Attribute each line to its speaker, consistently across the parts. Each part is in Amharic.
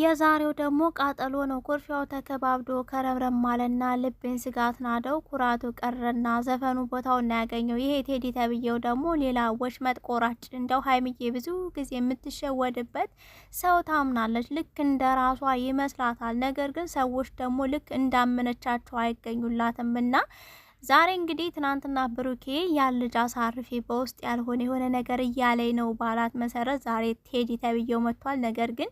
Speaker 1: የዛሬው ደግሞ ቃጠሎ ነው። ኩርፊያው ተከባብዶ ከረምረም ማለና ልብን ስጋት ናደው ኩራቱ ቀረና ዘፈኑ ቦታውን ያገኘው። ይሄ ቴዲ ተብዬው ደግሞ ሌላ ወሽመጥ ቆራጭ። እንደው ሀይምዬ ብዙ ጊዜ የምትሸወድበት ሰው ታምናለች፣ ልክ እንደ ራሷ ይመስላታል። ነገር ግን ሰዎች ደግሞ ልክ እንዳመነቻቸው አይገኙላትም እና ዛሬ እንግዲህ ትናንትና ብሩኬ ያን ልጅ አሳርፌ በውስጥ ያልሆነ የሆነ ነገር እያለኝ ነው ባላት መሰረት ዛሬ ቴዲ ተብዬው መጥቷል። ነገር ግን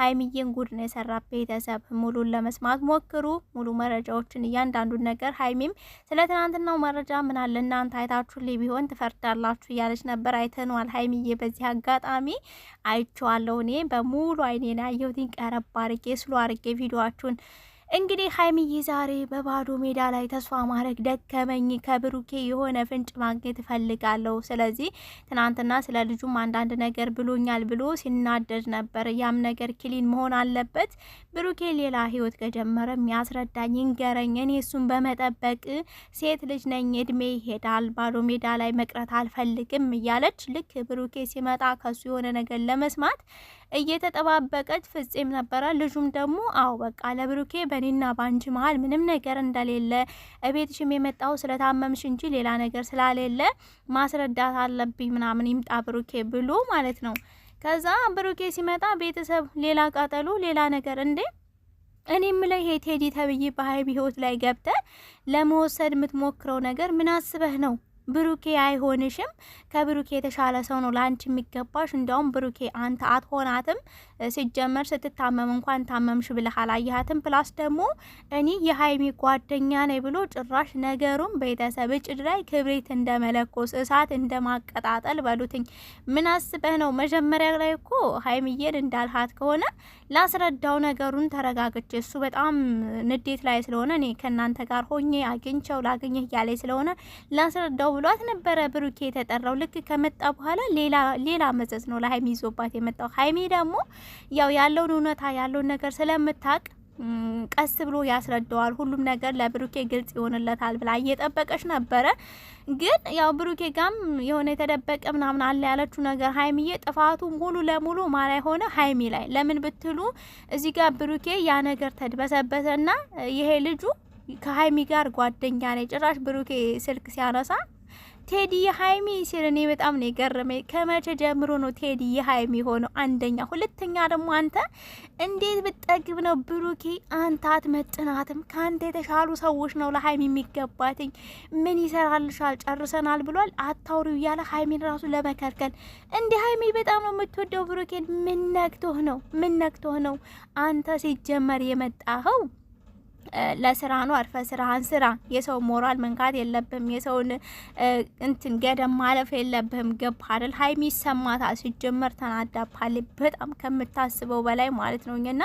Speaker 1: ሀይሚዬን ጉድ ነው የሰራ። ቤተሰብ ሙሉን ለመስማት ሞክሩ። ሙሉ መረጃዎችን እያንዳንዱን ነገር ሀይሚም ስለ ትናንትናው መረጃ ምናለ እናንተ አይታችሁ አይታችሁልኝ ቢሆን ትፈርዳላችሁ እያለች ነበር። አይተነዋል። ሀይሚዬ በዚህ አጋጣሚ አይቼዋለሁ እኔ በሙሉ አይኔን ያየሁትን ቀረብ አርጌ ስሎ አርጌ ቪዲዮችሁን እንግዲህ ሀይሚዬ ዛሬ በባዶ ሜዳ ላይ ተስፋ ማድረግ ደከመኝ፣ ከብሩኬ የሆነ ፍንጭ ማግኘት እፈልጋለሁ። ስለዚህ ትናንትና ስለ ልጁም አንዳንድ ነገር ብሎኛል ብሎ ሲናደድ ነበር። ያም ነገር ክሊን መሆን አለበት። ብሩኬ ሌላ ህይወት ከጀመረ የሚያስረዳኝ ይንገረኝ። እኔ እሱን በመጠበቅ ሴት ልጅ ነኝ፣ እድሜ ይሄዳል፣ ባዶ ሜዳ ላይ መቅረት አልፈልግም እያለች ልክ ብሩኬ ሲመጣ ከሱ የሆነ ነገር ለመስማት እየተጠባበቀች ፍጼም ነበረ። ልጁም ደግሞ አዎ በቃ ለብሩኬ በእኔና በአንቺ መሀል ምንም ነገር እንደሌለ እቤትሽም የመጣው ስለታመምሽ እንጂ ሌላ ነገር ስላሌለ ማስረዳት አለብኝ ምናምን ይምጣ ብሩኬ ብሎ ማለት ነው። ከዛ ብሩኬ ሲመጣ ቤተሰብ ሌላ ቃጠሎ፣ ሌላ ነገር እንዴ እኔም ላይ ይሄ ቴዲ ተብዬ በሀይብ ህይወት ላይ ገብተ ለመወሰድ የምትሞክረው ነገር ምን አስበህ ነው? ብሩኬ አይሆንሽም። ከብሩኬ የተሻለ ሰው ነው ለአንቺ የሚገባሽ። እንዲያውም ብሩኬ አንተ አትሆናትም። ሲጀመር ስትታመም እንኳን ታመምሽ ብለህ አላየሃትም። ፕላስ ደግሞ እኔ የሀይሚ ጓደኛ ነኝ ብሎ ጭራሽ ነገሩን ቤተሰብ እጭድ ላይ ክብሪት መለኮስ እሳት እንደ ማቀጣጠል በሉትኝ። ምን አስበህ ነው? መጀመሪያ ላይ እኮ ሀይሚዬን እንዳልሃት ከሆነ ላስረዳው ነገሩን ተረጋግቼ እሱ በጣም ንዴት ላይ ስለሆነ እኔ ከእናንተ ጋር ሆኜ አግኝቸው ላግኘህ እያለኝ ስለሆነ ላስረዳው ብሏት ነበረ ብሩኬ የተጠራው። ልክ ከመጣ በኋላ ሌላ ሌላ መዘዝ ነው ለሀይሚ ይዞባት የመጣው። ሀይሚ ደግሞ ያው ያለውን እውነታ ያለውን ነገር ስለምታቅ ቀስ ብሎ ያስረዳዋል። ሁሉም ነገር ለብሩኬ ግልጽ ይሆንለታል ብላ እየጠበቀች ነበረ። ግን ያው ብሩኬ ጋም የሆነ የተደበቀ ምናምን አለ ያለችው ነገር ሀይሚዬ ጥፋቱ ሙሉ ለሙሉ ማላ የሆነ ሀይሚ ላይ ለምን ብትሉ እዚህ ጋር ብሩኬ ያ ነገር ተድበሰበሰና ይሄ ልጁ ከሀይሚ ጋር ጓደኛ ነ ጭራሽ ብሩኬ ስልክ ሲያነሳ ቴዲ ሀይሚ ሲል እኔ በጣም ነው የገረመኝ። ከመቼ ጀምሮ ነው ቴዲ ሀይሚ ሆነው? አንደኛ ሁለተኛ ደግሞ አንተ እንዴት ብጠግብ ነው ብሩኬ? አንተ አትመጥናትም። ከአንተ የተሻሉ ሰዎች ነው ለሀይሚ የሚገባትኝ። ምን ይሰራልሻል? ጨርሰናል ብሏል። አታውሪው እያለ ሀይሚን ራሱ ለመከልከል እንዲህ። ሀይሚ በጣም ነው የምትወደው ብሩኬን። ምን ነክቶህ ነው? ምን ነክቶህ ነው አንተ ሲጀመር የመጣኸው ለስራ ነው። አርፈ ስራህን ስራ። የሰው ሞራል መንካት የለብህም። የሰውን እንትን ገደም ማለፍ የለብህም። ገባህ አይደል? ሀይሚ ይሰማታል። ሲጀመር ተናዳፓል በጣም ከምታስበው በላይ ማለት ነው። እና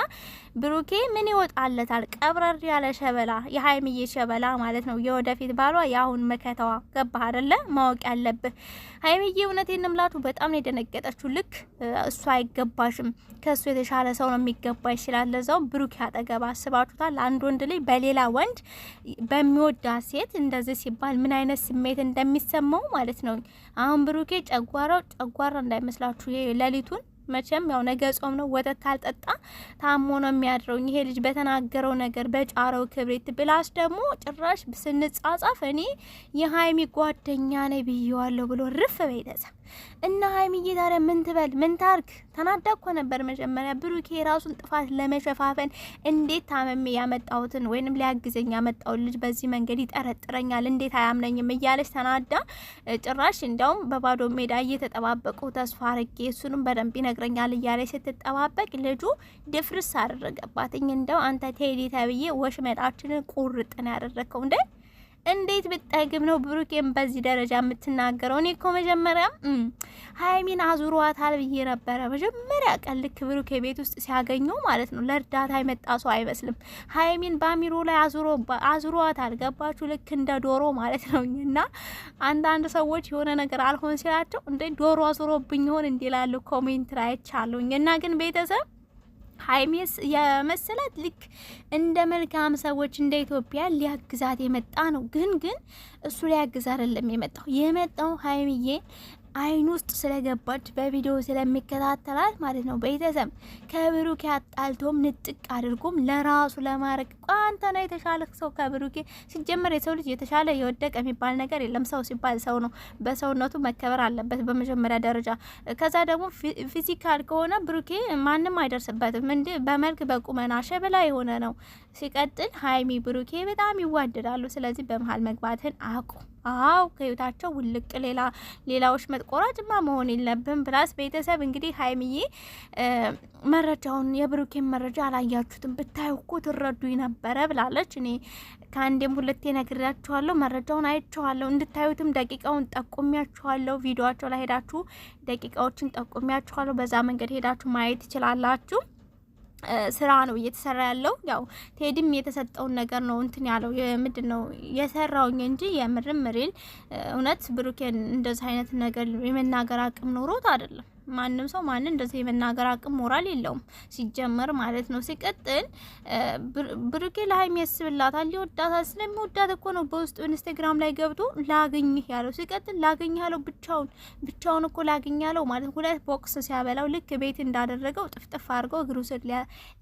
Speaker 1: ብሩኬ ምን ይወጣለታል? ቀብረር ያለ ሸበላ፣ የሀይሚዬ ሸበላ ማለት ነው። የወደፊት ባሏ፣ የአሁን መከተዋ። ገባህ አይደለ? ማወቅ ያለብህ ሀይሚዬ፣ እውነቴን እምላችሁ በጣም ነው የደነገጠችው። ልክ እሱ አይገባሽም፣ ከእሱ የተሻለ ሰው ነው የሚገባ ይችላል። ለዛውም ብሩኬ አጠገብ አስባችሁታል። አንድ ወንድ ልጅ በሌላ ወንድ በሚወዳ ሴት እንደዚህ ሲባል ምን አይነት ስሜት እንደሚሰማው ማለት ነው። አሁን ብሩኬ ጨጓራው ጨጓራ እንዳይመስላችሁ ሌሊቱን መቼም ያው ነገ ጾም ነው። ወተት ካልጠጣ ታሞ ነው የሚያድረው። ይሄ ልጅ በተናገረው ነገር በጫረው ክብሪት ብላስ ደግሞ ጭራሽ ስንጻጻፍ እኔ የሀይሚ ጓደኛ ነኝ ብየዋለሁ ብሎ ርፍ ቤተሰብ እና ሀይሚዬ ታዲያ ምን ትበል ምን ታርግ? ተናዳ እኮ ነበር መጀመሪያ። ብሩኬ የራሱን ጥፋት ለመሸፋፈን እንዴት ታመሜ ያመጣሁትን ወይንም ሊያግዘኝ ያመጣውን ልጅ በዚህ መንገድ ይጠረጥረኛል፣ እንዴት አያምነኝም እያለች ተናዳ ጭራሽ እንዲያውም በባዶ ሜዳ እየተጠባበቁ ተስፋ አርጌ እሱንም በደንብ ይነግረኛል እያለች ስትጠባበቅ ልጁ ድፍርስ አደረገባት። እኝ እንደው አንተ ቴዲ ተብዬ ወሽመጣችንን ቁርጥን ያደረግከው እንዴ? እንዴት ብጠግብ ነው ብሩኬን በዚህ ደረጃ የምትናገረው? እኔ እኮ መጀመሪያ ሀይሚን አዙሯታል ብዬ ነበረ። መጀመሪያ ቀን ልክ ብሩኬ ቤት ውስጥ ሲያገኘው ማለት ነው ለእርዳታ የመጣ ሰው አይመስልም። ሀይሚን በአሚሮ ላይ አዙሯታል። ገባችሁ? ልክ እንደ ዶሮ ማለት ነው። እና አንዳንድ ሰዎች የሆነ ነገር አልሆን ሲላቸው እንደ ዶሮ አዙሮብኝ ሆን እንዲላሉ ኮሜንት ላይ አይቻለሁኝ። እና ግን ቤተሰብ ሀይሜስ የመሰላት ልክ እንደ መልካም ሰዎች እንደ ኢትዮጵያ ሊያግዛት የመጣ ነው። ግን ግን እሱ ሊያግዝ አይደለም የመጣው የመጣው ሀይሚዬ አይን ውስጥ ስለገባች በቪዲዮ ስለሚከታተላት ማለት ነው። ቤተሰብ ከብሩኬ አጣልቶም ንጥቅ አድርጎም ለራሱ ለማድረግ ቋንተ ነው የተሻለ ሰው ከብሩኬ። ሲጀመር የሰው ልጅ የተሻለ የወደቀ የሚባል ነገር የለም። ሰው ሲባል ሰው ነው፣ በሰውነቱ መከበር አለበት በመጀመሪያ ደረጃ። ከዛ ደግሞ ፊዚካል ከሆነ ብሩኬ ማንም አይደርስበትም። እንዲ በመልክ በቁመና ሸበላ የሆነ ነው። ሲቀጥል ሀይሚ ብሩኬ በጣም ይዋደዳሉ። ስለዚህ በመሀል መግባትን አቁም። አዎ ከህይወታቸው ውልቅ ሌላ ሌላዎች መጥቆራጭማ መሆን የለብን ብላስ ቤተሰብ እንግዲህ ሀይሚዬ መረጃውን የብሩኬን መረጃ አላያችሁትም ብታዩ እኮ ትረዱ ነበረ ብላለች። እኔ ከአንዴም ሁለቴ ነግሬያችኋለሁ፣ መረጃውን አይቼዋለሁ። እንድታዩትም ደቂቃውን ጠቁሚያችኋለሁ። ቪዲዮቸው ላይ ሄዳችሁ ደቂቃዎችን ጠቁሚያችኋለሁ። በዛ መንገድ ሄዳችሁ ማየት ትችላላችሁ። ስራ ነው እየተሰራ ያለው። ያው ቴዲም የተሰጠውን ነገር ነው እንትን ያለው ምንድን ነው የሰራውኝ እንጂ የምርምሬን እውነት ብሩኬን እንደዚህ አይነት ነገር የመናገር አቅም ኖሮት አይደለም። ማንም ሰው ማንን እንደዚህ የመናገር አቅም ሞራል የለውም ሲጀመር ማለት ነው። ሲቀጥል ብሩኬ ለሀይሚ ያስብላታል፣ ሊወዳታል። ስለሚወዳት እኮ ነው በውስጡ ኢንስታግራም ላይ ገብቶ ላገኝህ ያለው። ሲቀጥል ላገኝህ ያለው ብቻውን ብቻውን እኮ ላገኝ ያለው ማለት ሁለት ቦክስ ሲያበላው ልክ ቤት እንዳደረገው ጥፍጥፍ አድርገው እግሩ ስር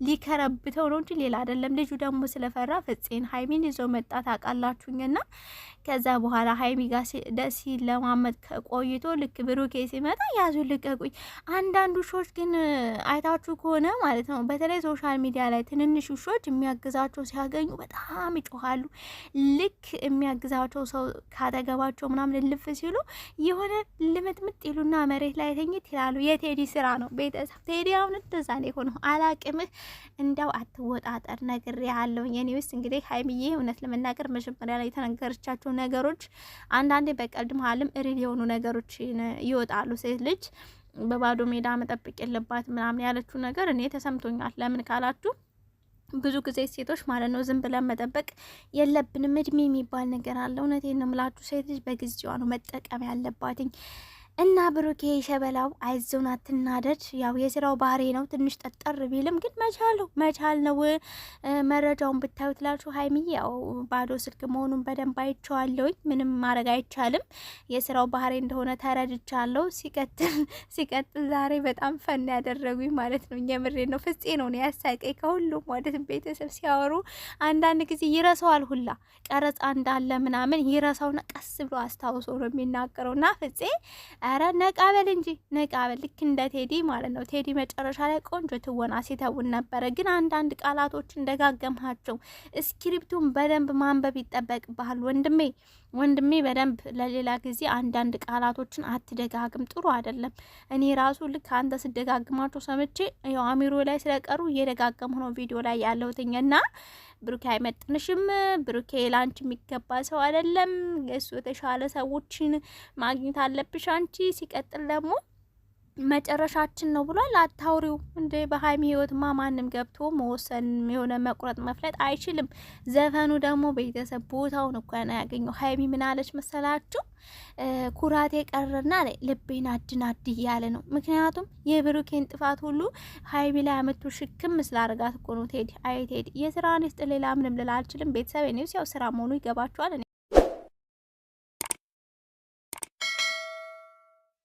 Speaker 1: ሊከረብተው ነው እንጂ ሌላ አይደለም። ልጁ ደግሞ ስለፈራ ፍፄን ሀይሚን ይዞ መጣት አቃላችሁኝና ከዛ በኋላ ሀይሚ ጋር ደስ ለማመድ ከቆይቶ ልክ ብሩኬ ሲመጣ ያዙ ልቀቁኝ አንዳንድ ውሾች ግን አይታችሁ ከሆነ ማለት ነው በተለይ ሶሻል ሚዲያ ላይ ትንንሽ ውሾች የሚያግዛቸው ሲያገኙ በጣም ይጮኋሉ። ልክ የሚያግዛቸው ሰው ካጠገባቸው ምናምን ልፍ ሲሉ የሆነ ልምጥምጥ ይሉና መሬት ላይ ተኝት ይላሉ። የቴዲ ስራ ነው ቤተሰብ። ቴዲ አሁን እንደዛ ነው የሆነው። አላቅምህ እንደው አትወጣጠር ነግር ያለው የኔ ውስጥ እንግዲህ ሀይሚዬ እውነት ለመናገር መጀመሪያ ላይ የተነገረቻቸው ነገሮች አንዳንዴ በቀልድ መሀልም እሪል የሆኑ ነገሮች ይወጣሉ ሴት ልጅ በባዶ ሜዳ መጠበቅ የለባት ምናምን ያለችው ነገር እኔ ተሰምቶኛል። ለምን ካላችሁ ብዙ ጊዜ ሴቶች ማለት ነው ዝም ብለን መጠበቅ የለብንም። እድሜ የሚባል ነገር አለ። እውነቴን ነው የምላችሁ። ሴት ልጅ በጊዜዋ ነው መጠቀም ያለባትኝ። እና ብሩኬ ሸበላው አይዞን፣ አትናደድ። ያው የስራው ባህሪ ነው። ትንሽ ጠጠር ቢልም ግን መቻሉ መቻል ነው። መረጃውን ብታዩት ላችሁ ሀይሚዬ ያው ባዶ ስልክ መሆኑን በደንብ አይቼዋለሁኝ። ምንም ማድረግ አይቻልም። የስራው ባህሪ እንደሆነ ተረድቻለሁ። ሲቀጥል ሲቀጥል ዛሬ በጣም ፈን ያደረጉኝ ማለት ነው። የምሬ ነው። ፍጼ ነው ያሳቀኝ ከሁሉም ማለት ቤተሰብ ሲያወሩ አንዳንድ ጊዜ ይረሰዋል ሁላ ቀረጻ እንዳለ ምናምን ይረሰውና ቀስ ብሎ አስታውሶ ነው የሚናገረውና ፍጼ ኧረ ነቃበል እንጂ ነቃበል። ልክ እንደ ቴዲ ማለት ነው። ቴዲ መጨረሻ ላይ ቆንጆ ትወና ሲተውን ነበረ፣ ግን አንዳንድ ቃላቶችን ደጋገምሃቸው። እስክሪፕቱን በደንብ ማንበብ ይጠበቅብሃል ወንድሜ ወንድሜ በደንብ ለሌላ ጊዜ አንዳንድ ቃላቶችን አትደጋግም፣ ጥሩ አይደለም። እኔ ራሱ ልክ አንተ ስደጋግማቸው ሰምቼ ያው አሚሮ ላይ ስለቀሩ እየደጋገም ሆኖ ቪዲዮ ላይ ያለሁትኝ እና ብሩኬ አይመጥንሽም፣ ብሩኬ ላንቺ የሚገባ ሰው አይደለም፣ እሱ የተሻለ ሰዎችን ማግኘት አለብሽ አንቺ። ሲቀጥል ደግሞ መጨረሻችን ነው ብሏል። አታውሪው እንደ በሀይሚ ህይወትማ ማንም ገብቶ መወሰን የሆነ መቁረጥ መፍለጥ አይችልም። ዘፈኑ ደግሞ ቤተሰብ ቦታውን እኮ ነው ያገኘው። ሀይሚ ምናለች መሰላችሁ? ኩራቴ ቀረና ልቤን አድን አድ እያለ ነው። ምክንያቱም የብሩኬን ጥፋት ሁሉ ሀይሚ ላይ አመቱ ሽክም ስላደርጋት እኮ ነው። ቴዲ አይ ቴዲ የስራን ስጥ ሌላ ምንም ልል አልችልም። ቤተሰብ ኒውስ ያው ስራ መሆኑ ይገባችኋል።